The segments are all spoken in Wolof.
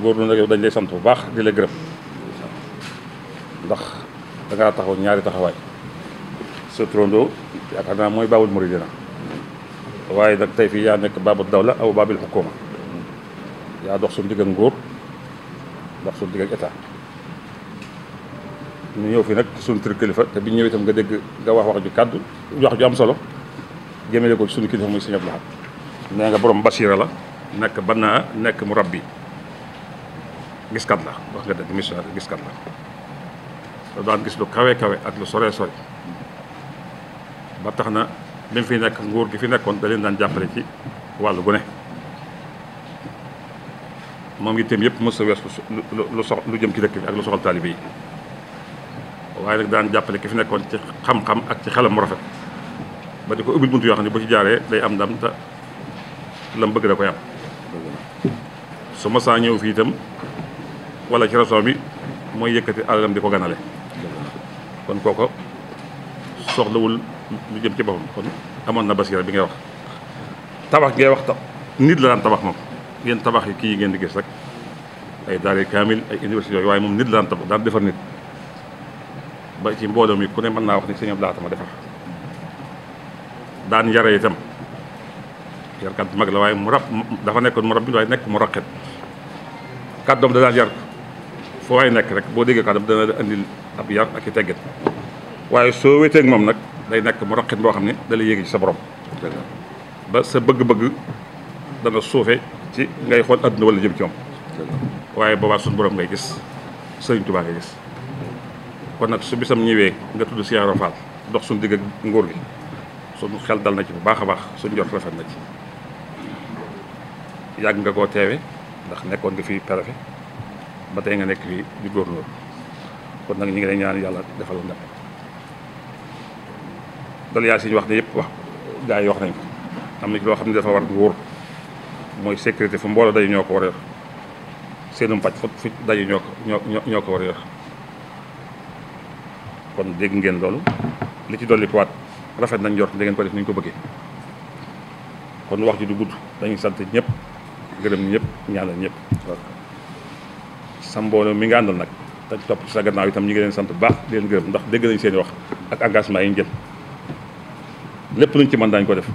góorlu nag yow dañ lay sant bu baax di lay gërëm ndax da ngaa taxaw ñaari taxawaay sa turandoo yaakaar naa mooy baabul muridina waaye nag tey fii yaa nekk baabul dawla aw baabil xukuma yaa dox suñu digg ak nguur dox suñu digg ak état ñëw fii nag suñu tur kilifa te bi ñëwee itam nga dégg nga wax wax ju kàddu wax ju am solo jëmale ko ci suñu kilifa muy sëñ Abdou Lahad nee nga borom basiira la nekk bannaa nekk mu rabbi giskat la wax nga dëgg missionnaire giskat la te daan gis lu kawe kawe ak lu sore sore ba tax na li fi nekk nguur gi fi nekkoon da leen daan jàppale ci wàllu gu ne moom itam yëpp mos a wees lu sox jëm ci dëkk bi ak lu soxal taalibe yi waaye nag daan jàppale ki fi nekkoon ci xam-xam ak ci xelam mu rafet ba di ko ubbil buntu yoo xam ne bu ci jaaree day am ndam ta lam bëgg da koy am su ma saa ñëw fii itam wala ci raison bi mooy yëkkati alalam di ko ganale kon kooko soxlawul lu jëm ci boppam kon amoon na basira bi ngay wax tabax ngay wax nit la daan tabax moom ngeen tabax yi kii yi ngeen di gis rek ay daare kaamil ay université yooyu waaye moom nit la daan tabax daan defar nit ba ci mbooloo mi ku ne mën naa wax ni sëñ Abdou Lahad ma defar daan yare itam yarkat mag la waaye mu dafa nekkoon mu rab bi waaye nekk mu raqet kàddoom da daan yar foo waay nekk rek boo déggee kàddu dana la andil ab yar ak i teggit waaye soo wéeteeg moom nag day nekk mu raqit boo xam ne dalay yéeg ci sa borom ba sa bëgg-bëgg dana suufe ci ngay xool adduna wala jëm ci moom waaye boobaa suñu boroom ngay gis sëriñ Tuubaa ngay gis kon nag su bisam ñëwee nga tudd Cheikh Ibra Fall dox suñu digg ak nguur xel dal na ci bu baax a baax suñu jot rafet na ci yàgg nga koo teewe ndax nekkoon nga fi préfet ba tey nga nekk fii di góorgóor kon nag ñu ngi lay ñaan yàlla defal la ndam dal yaa wax ne yëpp wax gaa wax nañ ko am na ci loo xam ne dafa war wóor mooy sécurité fu mbooloo daje ñoo ko war a yor seenum ko ñoo ko war kon dégg ngeen loolu li ci dolli kuwaat rafet nañ jort da ngeen ko def ni ñu ko bëggee kon wax ji du gudd dañuy sant ñëpp gërëm ñëpp ñaanal ñëpp sa mbooloo mi nga àndal nag te topp sa gannaaw itam ñu ngi leen sant bu baax di leen gërëm ndax dégg nañ seen i wax ak engagement yi ñu jël lépp luñ ci mën daañu ko def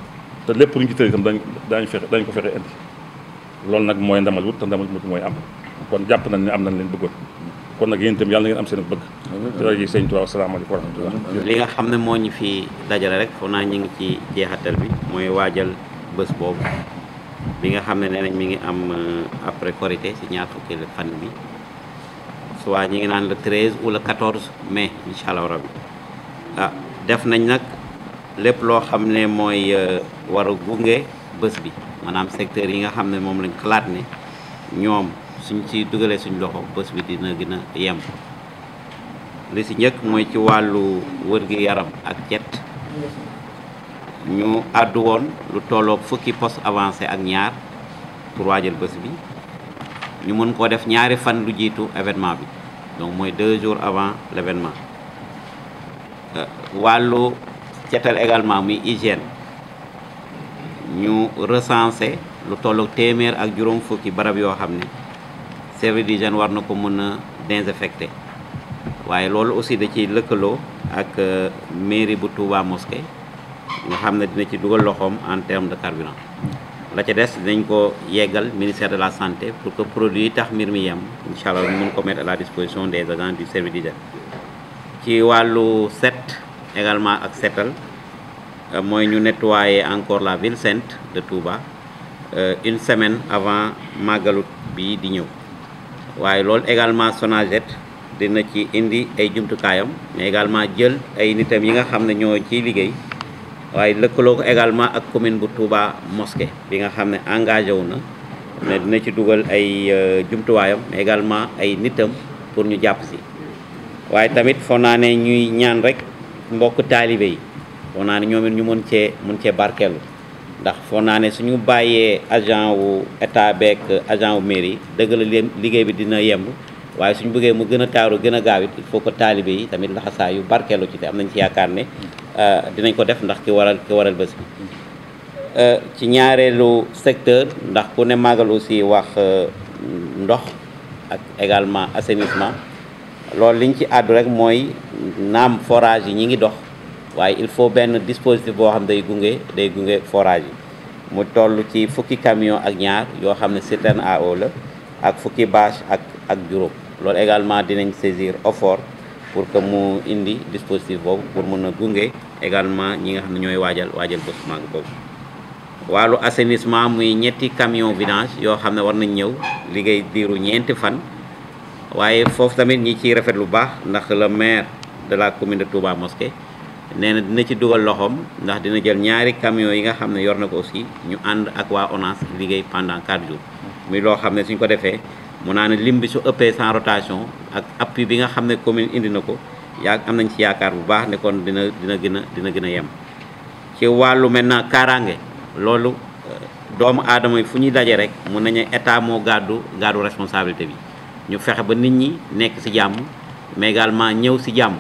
te lépp luñ ci tëri itam dañ daañu dañ ko fexe indi loolu nag mooy ndamal wut te ndamal wut mooy am kon jàpp nañ ne am nañ leen bëggoon kon nag yéen yàlla na am seen bëgg dara sëñ Tuubaa asalaamaaleykum wa rahmatullah li nga xam ne moo ñu fi dajale rek foog naa ñu ngi ci jeexatal bi mooy waajal bés boobu bi nga xam ne nee nañ mi ngi am euh, après Korité ci ñaar fukki fan bi soit ñi ngi naan le 13 ou le 14 mai incha allah rabbi ah def nañ nag lépp loo xam ne mooy euh, wara a gunge bës bi maanaam secteur yi nga xam ne moom lañ xalaat ne ñoom suñ ci dugalee suñ loxo bés bi dina gën yemb yem njëkk mooy ci wàllu wër-gi-yaram ak cet ñu àddu woon lu tolloog fukki poste avancé ak ñaar pour waajal bës bi ñu mën koo def ñaari fan lu jiitu événement bi donc mooy deux jours avant l' événement euh, wàllu cetal également muy hygiène ñu recensé lu tolloog téeméer ak juróom fukki barab yoo xam ne service d'hygiène war na ko mën a désinfecté waaye loolu aussi da ciy lëkkaloo ak euh, mairie bu Touba mosquée nga xam ne dina ci dugal loxoom en terme de carburant la ca des dinañ ko yeggal ministère de la santé pour que produit yi tax mbir mi yem incha allah ñu mun ko mettre à la disposition des agents du service d'hygiène ci wàllu set également ak setal euh, mooy ñu nettoyer encore la ville sainte de Touba euh, une semaine avant màggalut bi di ñëw waaye loolu également Sonaged dina ci indi ay jumtukaayam mais également jël ay nitam yi nga xam ne ñoo ciy liggéey waaye lëkkaloo ko également ak commune bu Touba mosquée bi nga xam ne engagé wu na ne dina ci dugal ay euh, jumtuwaayam mais également ay nitam pour ñu jàpp si waaye tamit foog naa ne ñuy ñaan rek mbokk taalibe yi foog naa ne ñoom ñu mën cee mën cee barkeelu ndax foog naa ne suñu bàyyee agent wu état beeg agent wu mairie dëgg la liggéey bi dina yemb waaye suñ bëggee mu gën a taaru gën gaaw it il faut ko taalibe yi tamit laxasaa yu barkeelu ci te am nañ ci yaakaar ne euh, dinañ ko def ndax ki waral ki waral bés bi euh, ci ñaareelu secteur ndax ku ne màggal aussi wax euh, ndox ak également assainissement loolu liñ ci àddu rek mooy naam forage yi ñi ngi dox waaye il faut benn dispositif boo xam day gunge day gunge forage yi mu toll ci fukki camion ak ñaar yoo xam ne citerne à eau la ak fukki bâche ak ak juróom loolu également dinañ saisir OFOR pour comme mu indi dispositif boobu pour mën a gunge également ñi nga xam ne ñooy waajal waajal bés bu mag boobu. wàllu assainissement muy ñetti camion vidange yoo xam ne war nañ ñëw liggéey diiru ñeenti fan waaye foofu tamit ñi ciy rafet lu baax ndax le maire de la commune de Touba Mosquée nee na dina ci dugal loxoom ndax dina jël ñaari camion yi nga xam ne yor na ko aussi ñu ànd ak waa ONAS liggéey pendant 4 jours loo xam ne suñ ko defee. mu naa ne lim bi su ëppee san rotation ak appui bi nga xam ne commune indi na ko yaa am nañ ci yaakaar bu baax ne kon dina dina gën a dina gën a yem ci wàllu maintenant kaaraange loolu euh, doomu aadama yi fu ñuy dajee rek mun nañu état moo gàddu gàddu responsabilité bi ñu fexe ba nit ñi nekk ci jàmm mais également ñëw ci jàmm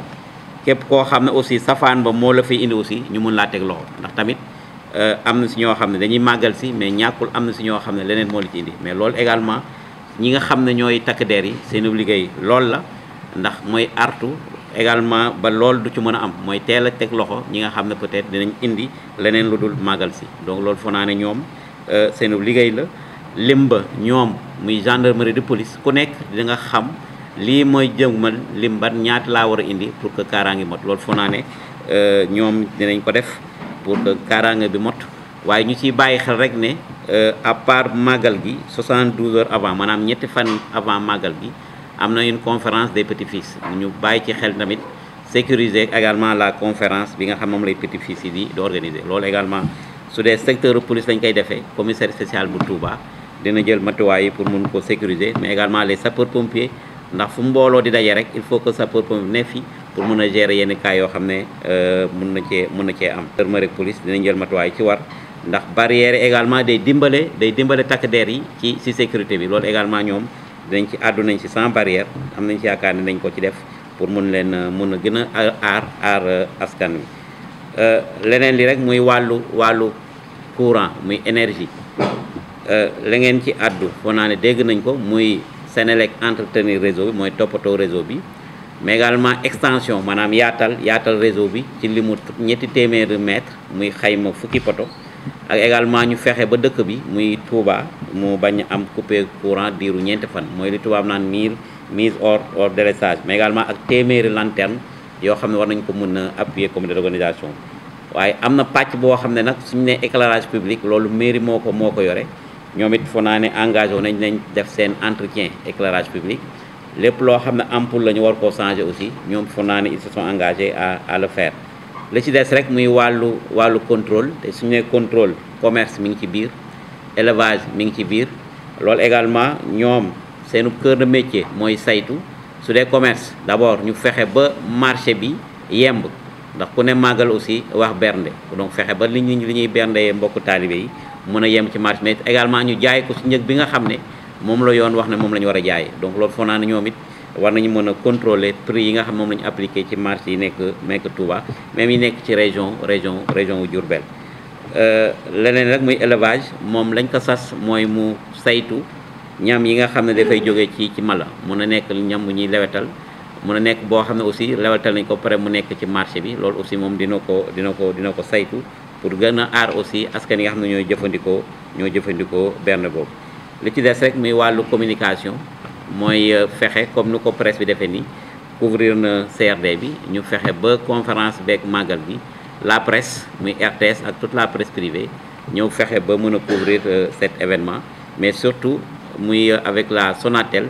képp koo xam ne aussi safaan ba moo la fiy indi aussi ñu mën laa teg loxo ndax tamit euh, am na ci ñoo xam ne dañuy màggal ci mais ñàkkul am na ci ñoo xam ne leneen moo la ci indi mais loolu également ñi nga xam ne ñooy takk der yi seen liggéey lool la ndax mooy artu également ba lool du ci mën a am mooy teel a teg loxo ñi nga xam ne peut dinañ indi leneen lu dul màggal si donc loolu foo ne ñoom euh, seen liggéey la lim ñoom muy gendarmerie de police ku nekk di nga xam lii mooy jëmal lim ban ñaata laa war a indi pour que kaaraange mot loolu foo naa ne euh, ñoom dinañ ko def pour que kaaraange bi mot waaye ñu ciy bàyyi xel rek ne euh, à part màggal gi 72 heures avant maanaam ñetti fan avant màggal gi am na une conférence des petits-fils ñu bàyyi ci xel tamit sécuriser également la conférence bi nga xam moom lay petits-fils yi di organiser loolu su dee secteur police lañ koy defee commissaire spécial bu Touba dina jël matuwaay pour mun ko sécuriser mais également les sapor pompiers ndax fu mbooloo di daje rek il faut que sapor pompier ne fi pour mun a gérer yenn cas yoo xam ne euh, mun na cee mun na cee am. gendarmerie police dinañ jël matuwaay ci war. ndax barrière également day dimbale day dimbale takk der yi ci ci sécurité bi loolu également ñoom dañ ci àddu nañ ci sans barrière am nañ ci yaakaar ne dañ ko ci def pour mun leen mun a gën a aar aar euh, askan wi euh, leneen li rek muy wàllu wàllu courant muy énergie euh, la ngeen ci àddu foo naa ne dégg nañ ko muy Senelec entretenir réseau bi mooy toppatoo réseau bi mais également extension maanaam yaatal yaatal réseau bi ci li mu ñetti téeméeri mètre muy xayma fukki poto ak également ñu fexe ba dëkk bi muy Touba mu bañ am coupé courant diiru ñeenti fan mooy li tubaab naan mire mise or or délestage mais également ak téeméeri lanterne yoo xam ne war nañ ko mën a appuyer comité d'organisation waaye am na pàcc boo xam ne nag suñu ne éclairage public loolu mairie moo ko moo ko yore ñoom it foo naa ne engagé wu nañ nañ def seen entretien éclairage public lépp loo xam ne ampoule la ñu war koo changer aussi ñoom foo naa ne ils se sont la ci des rek muy wàllu wàllu contrôle te suñu nee contrôle commerce mi ngi ci biir élevage mi ngi ci biir loolu également ñoom seenu kër de métier mooy saytu su dee commerce d'abord ñu fexe ba marché bi yemb ndax ku ne màggal aussi wax bernde donc fexe ba li ñu li ñuy berndee mbokku taalibe yi mën a yem ci marché mais également ñu jaay ko ci njëg bi nga xam ne moom la yoon wax ne moom la ñu war a jaay donc loolu foo naa ne ñoom it war nañu mën a contrôler prix yi nga xam moom la ñu appliqué ci marché yi nekk nekk Touba même yi nekk ci région région région wu Diourbel euh, leneen rek muy élevage moom lañ ko sas mooy mu saytu ñam yi nga xam ne dafay jógee ci ci mala mun a nekk ñam bu ñuy lewetal mun a nekk boo xam ne aussi lewetal nañ ko pare mu nekk ci marché bi loolu aussi moom dina ko dina ko dina ko saytu pour gën a aar aussi askan yi xam ne jëfandikoo ñoo jëfandikoo benn boobu li ci des rek muy wàllu communication mooy euh, fexe comme nu ko presse bi defee nii couvrir na CRD bi ñu fexe ba conférence beeg màggal bi la presse muy RTS ak toute la presse privée ñëw fexe ba mën a couvrir euh, cet événement mais surtout muy euh, avec la Sonatel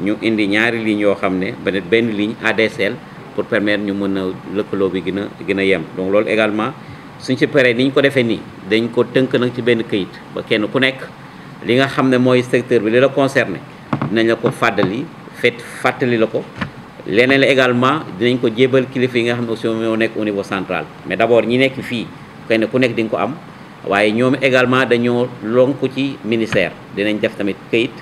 ñu indi ñaari lignes yoo xam ne ba benn ligne ADSL pour permettre ñu mën a lëkkaloo bi gën a gën a yem donc loolu également suñ ci paree ni ñu ko defee nii dañ ko tënk nag ci benn kayit ba kenn ku nekk li nga xam ne mooy secteur bi li la concerné dinañ la ko fàddali fet fàttali la ko leneen la également dinañ ko jébal kilifa yi nga xam ne aussi moo nekk au niveau central mais d' abord ñi nekk fii kenn ku nekk di ko am waaye ñoom également dañoo lonk ci ministère dinañ def tamit kayit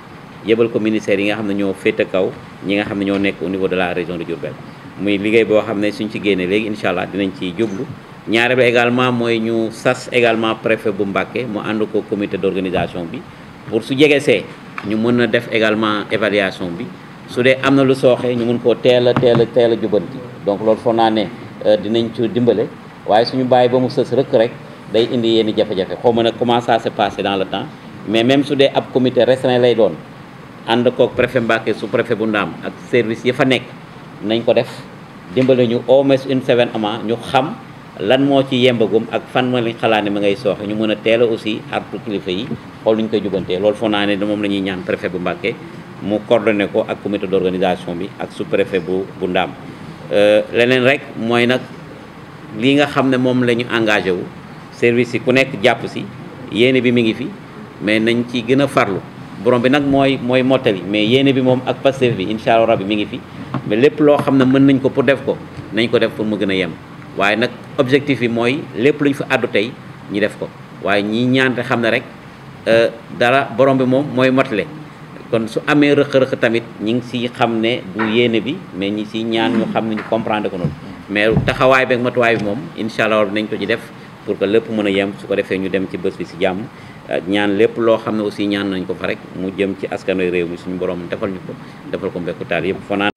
yëbal ko ministère yi nga xam ne ñoo féete kaw ñi nga xam ne ñoo nekk au niveau de la région de Diourbel muy liggéey boo xam ne suñ ci génnee léegi incha allah dinañ ciy jublu ñaare ba également mooy ñu sas également préfet bu Mbacké mu ànd ko comité d' organisation bi pour ñu mën a def également évaluation bi su dee am na lu sooxee ñu mën koo teel a teel a teel a jubanti donc loolu foog naa ne euh, dinañ ci dimbale waaye suñu bàyyi ba mu sës rëkk rek day indi yenn jafe-jafe xaw mën a comment ça s'est dans le temps mais même su dee ab comité restreint lay doon ànd koog préfet Mbacké su préfet bu ndaam ak service yi fa nekk nañ ko def dimbale ñu au moins une semaine ama ñu xam lan moo ci yembagum ak fan ma lañ xalaat ne ma ngay sooxee ñu mën a teel a aussi artu kilifa yi xool luñ koy jubantee loolu foo naa ne moom la ñuy ñaan préfet bu Mbacké mu coordonné ko ak comité d'organisation bi ak sous-préfet bu bu Ndaam euh, leneen rek mooy nag li nga xam ne moom lañu ñu engagé wu service yi ku nekk jàpp si yéene bi mi ngi fi mais nañ ci gën a farlu borom bi nag mooy mooy mottali mais yéene bi moom ak Pastef bi incha allah bi mi ngi fi mais lépp loo xam ne mën nañ ko pour def ko nañ ko def pour mu gën a yem waaye nag objectif yi mooy lépp lu ñu fa àddu tey ñu def ko waaye ñi ñaan te xam ne rek euh, dara borom bi moom mooy motale kon su amee rëq-rëq tamit ñi ngi siy xam ne bu yéene bi mais ñi siy ñaan ñu xam ne ñu comprendre ko noonu mais taxawaay beeg matuwaay bi moom incha allah nañ ko ci def pour que lépp mën a yem su ko defee ñu dem ci bés bi si jàmm ñaan lépp loo xam ne aussi ñaan nañ ko fa rek mu jëm ci askanoy réew mi suñu borom defal ñu ko defal